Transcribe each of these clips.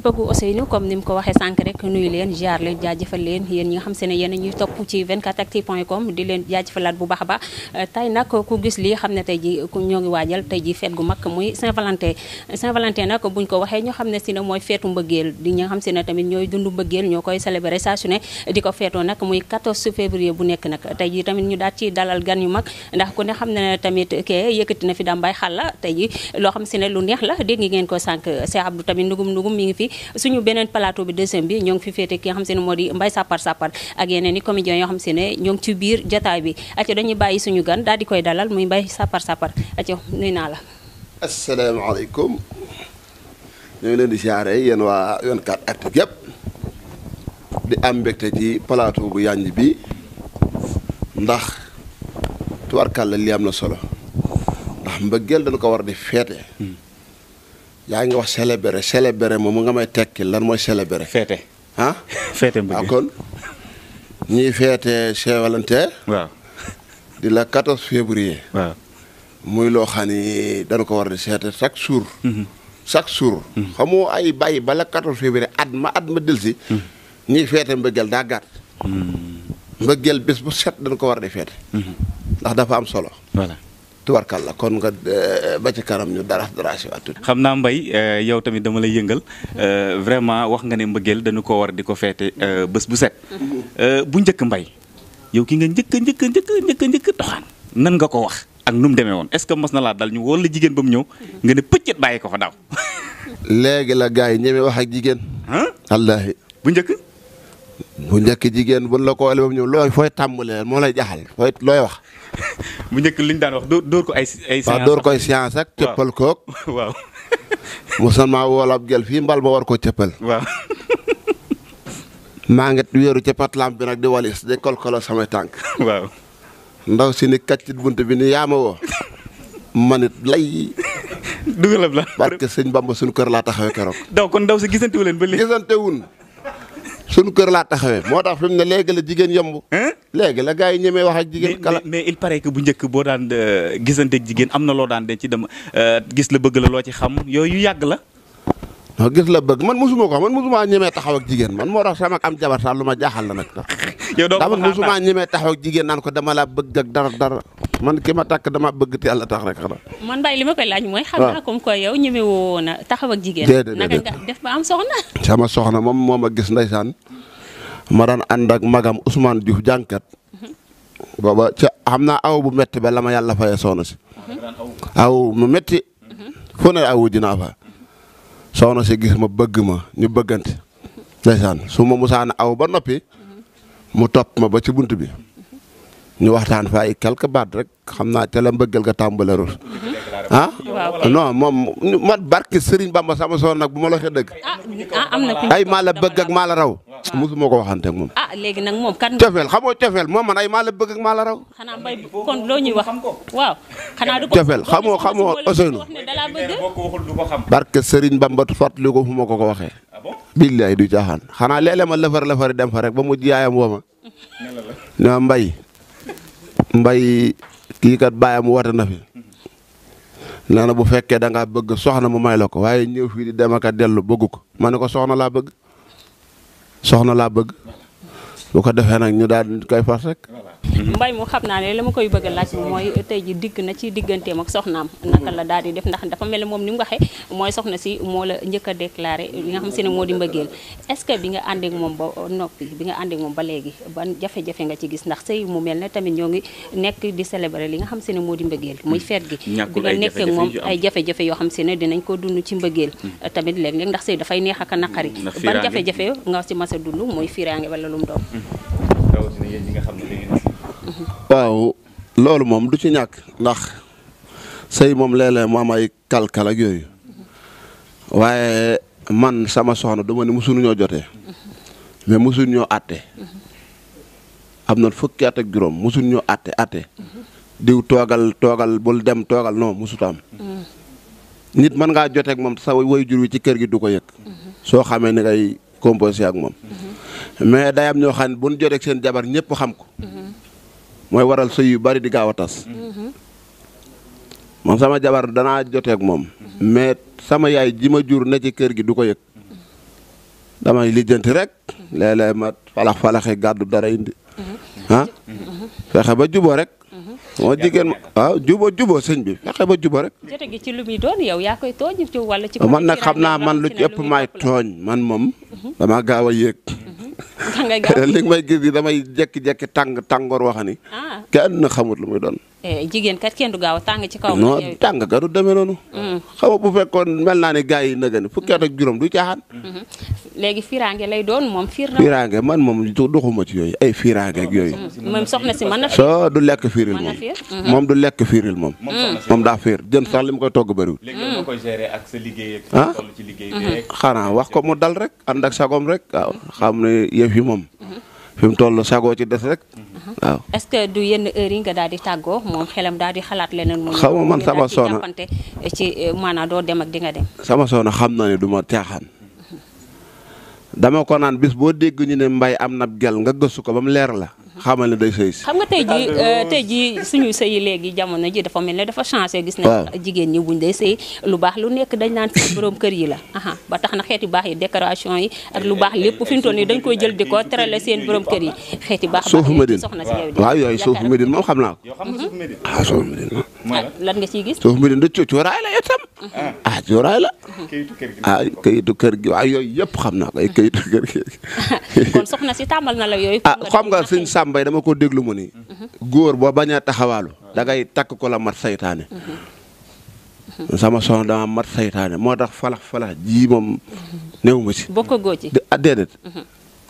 bëggu Ousseynou comme ni mu ko waxee sànq rek leen jaar leen leen yéen nga xam se ne yéen ñuy topp ci 24actu point com di leen jaajëfalaat bu baax ba euh, tey nag ku gis lii xam ne tey ji ñoo ngi waajal tey ji feet gu mag muy saint xam ne si ne mooy feetu mbëggeel di ñi tamit ñooy dund mbëggeel ñoo koy célébrer saa su ne di ko feetoo nag muy 14 février bu nekk nag tey ji tamit ñu daat ci dalal gan yu mag ndax ku ne xam ne tamit kee yëkkati na fi bay xal la tey ji loo xam se ne lu neex la dégg ngeen ko sànq Cheikh Abdou mi ngi suñu beneen plateau bi deuxième bi ñoo ngi fi féete ki nga xam se ne moo di Mbaye Sapar Sapar ak yeneen i comédiens yoo xam se ne ñoo ngi ci biir jotaay bi aco dañuy bàyyi suñu gan daal di koy dalal muy Mbaye Sapar Sapar aco nuy naa la asalaamaaleykum ñu ngi leen di siyaare yéen waa 24actu yëpp di am mbégte ci plateau bu yànj bi ndax tubarkàlla li am na solo ndax mbëggeel dañu ko war di feete hmm. yaa ngi wax célébrer célébrer moom mu nga may tekki lan mooy célébrer. feete ah. feete mbëggeel kon ñiy feete Saint di la 14 février. muy loo xam ni dañu ko war di seete chaque jour. Mm-hmm. chaque jour. Mm-hmm. xamoo ay bàyyi bala 14 février at ma at ma delsi mm-hmm. ñiy feete mbëggeel daa gàtt. mbëggeel bés bu set dañu ko war di feete. ndax dafa am solo. tubarkalla kon nga eh, ba ci kanam ñu dara dara si waat tuuti. xam naa Mbaye eh, yow tamit dama lay yëngal eh, vraiment wax nga ne mbëggeel dañu ko war di ko feete bés bu set. bu njëkk Mbaye yow ki nga njëkk njëkk njëkk njëkk njëkk nga ko wax ak nu mu demee woon est-ce que mos na laa dal ñu woo jigéen ba mu ñëw nga ne pëccet bàyyi ko fa daaw. léegi la gars yi wax ak jigéen. wallaahi bu njëkk. njëkk jigéen la ko wale ba mu ñëw looy fooy tàmbalee moo lay jaxal fooy looy wax. bu njëkk li ñu daan wax dóor dóor ko ay. ay séance dóor ko ay séance ak cëppal koog. waaw. gel fii mbal ma war koo cëppal. waaw. maa ngi wéeru ca patlam bi nag di walis di kolkolo samay tànk. waaw. ndaw si ni kàccit bunt bi ni yaa ma woo. manit lay. dugalab la. parce que sëñ Bamba kër laa taxawee keroog. daw ndaw si gisante wu gisante wuñ suñu kër laa taxawee moo tax fi mu ne léegi la jigéen yomb. léegi la gars yi ñemee wax ak jigéen. kala mais il paraît que bu njëkk boo daan euh, gisanteeg jigéen am na loo daan denc dem euh, gis la bëgg la loo ci xam yooyu yu yàgg la. gis la bëgg man mosuma ko man mosuma ñemee taxaw ak jigéen man moo tax sama am jabar sax lu ma jaaxal la nag. yow doo ko mosuma ñemee taxaw jigéen naan ko dama la bëgg ak dara dara. man ki ma takk dama bëgg te yàlla tax rek xanaa. man Baye li ma koy am soxna. sama soxna moom moo ma gis ndeysaan ma daan ànd ak magam Ousmane Diouf jànkat. Mhm. booba ca xam naa aw bu metti ba la ma yàlla fayee soxna si. Mhm. aw mu metti mhm. fu ne awu dinaa fa. soxna si gis ma bëgg ma ñu bëgganti ndeysaan su ma musaana aw ba noppi. mu topp ma ba ci bunt bi. ñu waxtaan fa ay quelque baat rek xam naa te la mbëggal nga tàmbalarul mm-hmm. ah non moom man barke Serigne Bamba sama soon nag bu ma la waxee dëgg ah, ah, ay mala la bëgg ak raw mosuma ko waxante ak moom ah léegi nag cofeel xamoo cofeel moom man ay maa la bëgg ak maa la raw xanaa mbay kon loo cofeel xamoo xamoo barke Serigne Bamba fàttali ko fu ma ko ko waxee ah du caaxaan xanaa léeg-léeg ma lëfar lëfari dem fa rek ba mu jiyaayam woo ma mbay mbay kii kat bàyyam woote na fi nee na bu fekkee da ngaa bëgg soxna mu may la ko waaye ñëw fii di dem ak dellu bëgg ko ma ne ko soxna laa bëgg soxna laa bëgg su ko defee nag ñu daal di koy fas rek. Mm-hmm. mbay mu xam naa ne li ma koy bëgg a laaj moom mooy tey ji digg na ci digganteem ak soxnaam naka la daal di def ndax dafa mel ni moom ni mu waxee mooy soxna si moo la njëkk a déclaré li ne moo di mbëggeel est-ce que bi nga ànd moom ba noppi bi nga ànd moom ba léegi ban jafe-jafe nga ci gis ndax sëy mu mel ne tamit ñoo ngi nekk di célébrer li nga xam si ne moo di mbëggeel muy mm-hmm. feet gi bi nga nekk ak ay jafe yoo xam si ne dinañ ko dund ci mbëggeel mm-hmm. tamit léeg-léeg ndax sëy dafay neex ak a naqari ban jafe-jafe nga si mas dund mooy fiiraange wala lu mu doon rawatina yéen nga xam ne waaw loolu moom du ci ñàkk ndax sëy moom léeg-léeg am ay kalkal ak yooyu waaye man sama soxna duma ne mosuñu ñoo jotee mais mosuñu ñoo àtte am na fukki at juróom mosuñu ñoo àtte àtte diw toogal toogal bul dem toogal non mosut am nit mën ngaa joteeg moom sa way jur wi ci kër gi du ko yëg soo xamee ni ngay composé ak moom mais day am ñoo xam ne bu ñu seen jabar ñëpp xam ko. mooy waral sëy yu bari di gaaw a tas. moom sama jabar danaa joteeg moom. mais sama yaay ji ma jur na ci kër gi du ko yëg. damay lijjanti rek. léeg-léeg ma falax falaxee gàddu dara indi. ah fexe ba juboo rek. moo jigéen ma waaw juboo juboo sëñ bi fexe ba juboo rek. jote yow yaa koy man nag xam naa man lu ci ëpp maay tooñ man moom. dama gaaw a yéeg. da ngay gaaw li may gis damay jékki tàng tàngoor waxani. ah kenn xamut lu muy doon. Eh, jigéen kat kenn du gaaw a tàng ci kaw. non tàng ka du demee noonu. Mm. xam bu fekkoon mel naa ne gars yi nëgën fukki ak juróom du caaxaan. Mm-hmm. léegi firange lay doon moom. fiir na man moom doxuma ci yooyu ay firange yooyu. moom soxna soo mm-hmm. du lekk fiiril moom moom du lekk fiiril moom. moom daa fiir jën sax li mu koy togg bëriwul. léegi nga koy ak sa liggéey ak. ah mm-hmm. xanaa wax ko mu dal rek ànd ak sagoom rek waaw xam ne yëf yi moom. fi mu toll sagoo ci des rek. waaw est-ce que du yenn heure yi nga daal di tàggoo moom xelam daal di xalaat leneen. moom xaw ma man sama soxna ci euh, maanaam doo dem ak di nga dem. sama soxna xam naa ne du ma caaxaan. dama ko naan bis boo dégg ñu ne mbay am na gel nga gëstu ko ba mu leer la xamal ne day sëy si xam nga tey jii euh, tey jii suñu léegi jamono ji dafa mel ne dafa changé gis na jigéen ñi buñ day sëy lu baax lu nekk dañ naan seen borom kër yi la aha ba tax na xeeti baax yi décoration yi ak lu baax lépp fi mu toll nii dañ koy jël di ko terale seen borom kër yi xeeti baax suufu Médine soxna si yow waaw yooyu suufu moom xam naa ko ah, ah, lan nga ciy gis suufu Médine da coocoraay la itam ah cuuraay la. kër gi ah këyitu kër gi waaw yooyu yëpp xam naa ko ay këyitu soxna si tàmbal na la yooyu. ah xam nga sëñ Samba dama ko déglu mu ni. Mhm. góor boo bañ a taxawaalu. da takk ko la mat saytaane. Mhm. sama soxna dama mat seytaane moo tax falax falax ji moom mhm. néew ma si. bokk góo ci ah, déedéet.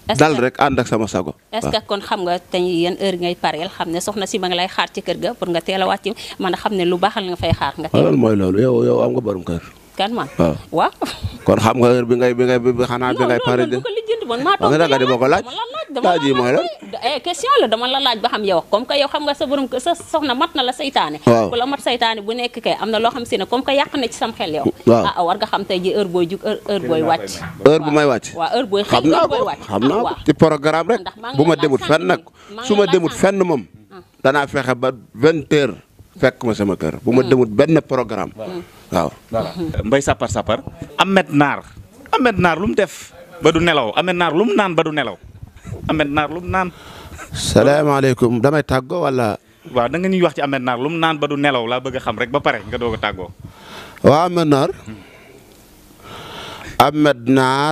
dal rek ànd ak sama sago. est-ce que kon xam nga tey yéen heure ngay pareel xam ne soxna si ma ngi lay xaar ci kër ga pour nga teel a wàcc mën a xam ne lu baax nga fay xaar. nga teel loolu mooy loolu yow yow am nga borom kër. kan man. waaw kon xam nga heure bi ngay bi ngay bi xanaa bi ngay pare de. non non man bu ko lijjanti man maa toog laaj laaj yi eh, la dama la laaj ba xam yow comme que yow xam nga sa borom sa soxna mat na la saytaane. waaw ku la mat saytaane bu nekk kay am na loo xam si ne comme que yàq na ci sam xel yow. waaw ah, ah war nga xam tey ji heure booy jug heure booy wàcc. heure bu may wàcc. waaw heure booy xëy heure booy wàcc. xam naa ko ci programme rek bu ma demut fenn nag su ma demut fenn moom ah. danaa fexe ba vingt heures fekk ma sama kër bu ma hmm. demut benn programme waaw euh, mbay sàppar sàppar amet naar amet lu mu def ba du nelaw amet naar lu mu naan ba du nelaw amet lu mu naan salaamaaleykum damay tàggoo wala waaw da nga ñuy wax ci amet lu mu naan ba du nelaw laa bëgg a xam rek ba pare nga doog a tàggoo waaw amet naar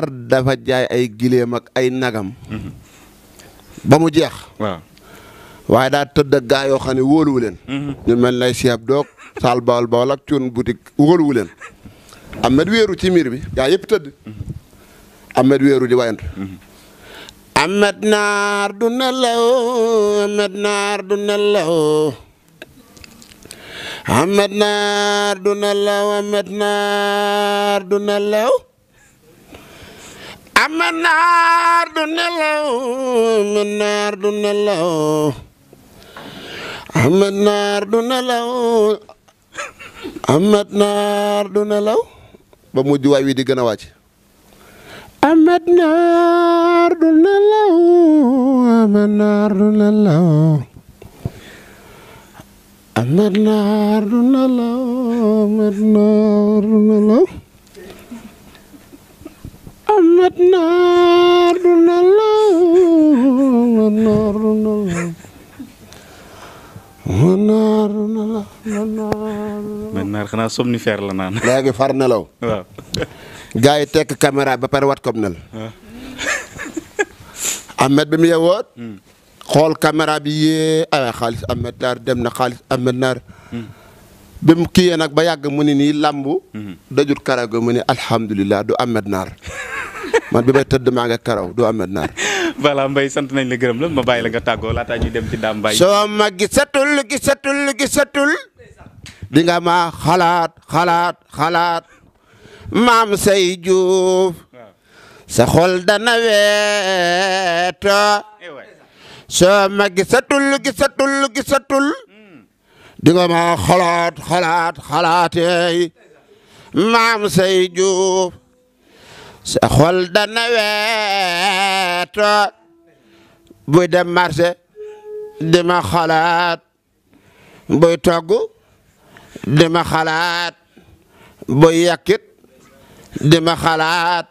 hmm. dafa jaay ay gileem ak ay nagam hmm. ba mu jeex waaye daa tëdd ak gaa yoo xam ne wóoluwu mhm. ñu mel ne Cheikh Doog Sall Bawol Bawol ak Thion boutique wóoluwu leen. Ahmed ci miir bi gaa yëpp tëdd. Mhm. Ahmed wéeru di wayantu. Mhm. Ahmed naar du nelaw Ahmed naar du nelaw Ahmed naar du nelaw Ahmed naar du nelaw Ahmed Naar du nelaw Ahmed Naar du nelaw ba mujj waay wi di gën a wàcc Naar du nelaw Ahmed Naar du nelaw naar xanaa somnifère la naan. léegi far nelaw. waaw. gars yi tekk caméra ba pare wat ko nel. Ahmed bi mu yeewoot. Hmm. xool caméra bi yee aywa xaalis Ahmed naar dem na xaalis Ahmed naar. Hmm. bi mu kii nag ba yàgg mu ni nii làmbu. Hmm. dajut karaw ga mu ni alhamdulilah du Ahmed naar tëdd maa ngi karaw du Ahmed naar. voilà Mbaye sant nañ la gërëm la ma bàyyi la nga tàggoo laataa ñuy dem ci daam Mbaye. soo ma gisatul gisatul gisatul. di ma xalaat xalaat xalaat maam say juuf sa xol dana weeto soo ma gisatul gisatul gisatul di nga ma xalaat xalaat xalaatey maam say juuf sa xol dana weeto buy dem marché di ma xalaat buy togg dima xalaat bo yàkkit dima xalaat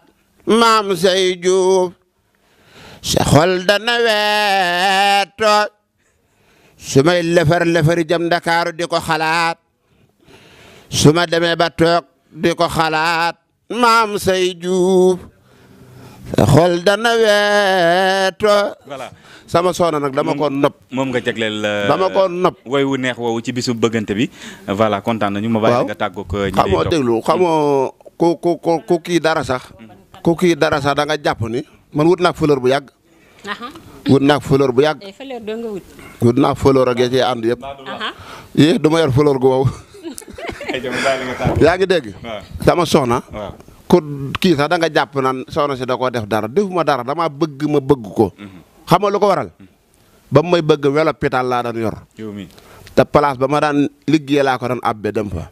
maam say juuf sa xol dana weeto su may lefar lefari jëm Ndakaaru di ko xalaat su ma demee ba toog di ko xalaat maam say juuf sa xol dana weeto sama soxna nag dama ko nopp moom nga jagleel euh, dama ko nopp woy wu neex woowu ci bisu bëggante bi voilà kontaan nañu ma bàyyi nga tàggoog euh, ñi xamoo déglu xamoo ku ku kii dara sax mm-hmm. ku dara sax da nga jàpp ni man wut naag fleur bu yàgg wut naag fleur bu yàgg eh, wut naag fleur ak ya ci ànd yëpp yor fleur gu wow ngi dégg sama soxna ko kii sax da nga jàpp naan soxna si da koo def dara defuma dara dama bëgg ma bëgg ko mm-hmm. xam nga lu ko waral ba mu may bëgg welo pital laa daan yor. te place ba ma daan liggéey ko daan abbe dem fa.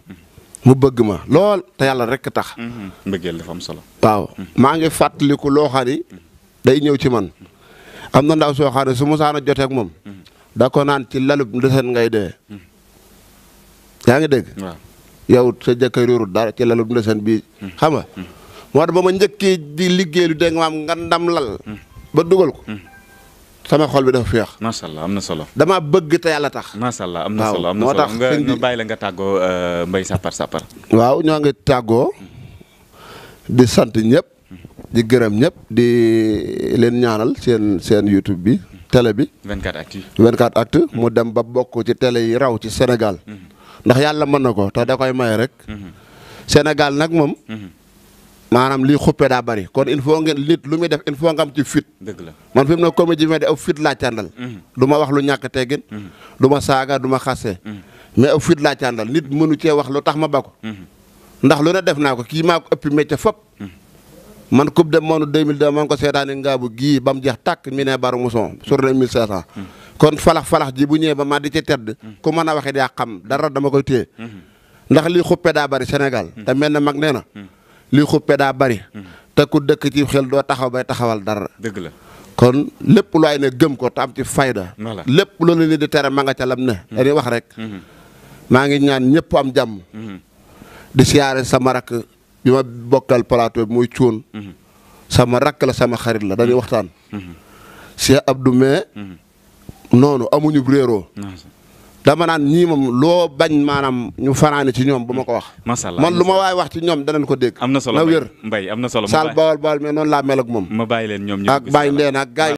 mu bëgg ma lool te yàlla rek tax. Mm-hmm. mbëggeel dafa am solo. waaw maa ngi fàttaliku loo xam day ñëw ci man am na ndaw soo xam su ma joteek moom. Mm-hmm. da ko naan ci lalub ndësën ngay dee. Mm-hmm. yaa ngi dégg. waaw sa jëkkër yorul dara ci lalub ndësën bii. xam nga moo ba ma njëkkee di liggéey lu dégg maam nga ndam lal. ba dugal ko. sama xol bi dafa féex. macha allah am na solo. damaa bëgg te yàlla tax. macha allah am na am na solo nga nga bàyyi la nga tàggoo euh, Mbaye Sapar Sapar. waaw ñoo ngi tàggoo di sant ñëpp. di gërëm ñëpp di leen ñaanal seen seen YouTube bi télé bi. 24 actu 24 mm-hmm. mu dem ba bokk ci télé yi raw ci Sénégal. Mm-hmm. ndax yàlla mën na ko te da koy may rek. Mm-hmm. Sénégal nag moom. maanaam lii xuppe daa bari kon il faut ngeen nit lu muy def il faut nga am ci fit. dëgg la man fi mu ne comédie bi di aw fit laa càndal. Mm-hmm. du ma wax lu ñàkk teggin. Mm-hmm. du ma saaga du ma xase. Mm-hmm. mais aw fit laa càndal nit mënu cee wax lu tax ma ba ko. ndax lu ne def naa ko kii maa ko ëppi métier fop. man coupe de monde 2002 maa ngi ko seetaani ngaabu gii ba mu jeex tàkk mi ne baru moson sourné 1500. kon falax falax ji bu ñëwee ba ma di ci tedd. ku mën a waxee yaa xam dara dama koy téye. ndax lii xuppe daa bari Sénégal. te mel na mag nee na. li xuppe daa bari te ku dëkk ci xel doo taxaw bay taxawal dara dëgg la kon lépp lu ay ne gëm ko te am ci fayda lépp lu ne ni di tere ma nga ca lam ne hmm. dañuy wax rek hmm. maa ngi ñaan ñëpp am jàmm hmm. di siyaare sama rakk bi ma bokkal plateau bi muy cuun sama rakk la sama xarit la dañuy waxtaan Cheikh Abdou mais noonu amuñu réeroo dama naan ñii moom loo bañ maanaam ñu fanaane ñoom bu ma ko wax. macha allah man lu ma waay wax ci ñoom danañ ko dégg. am na solo mbay am na solo Sall Bawol Bawol mais noonu laa mel ak moom. ma bàyyi leen ñoom ak bàyyi leen ak gaay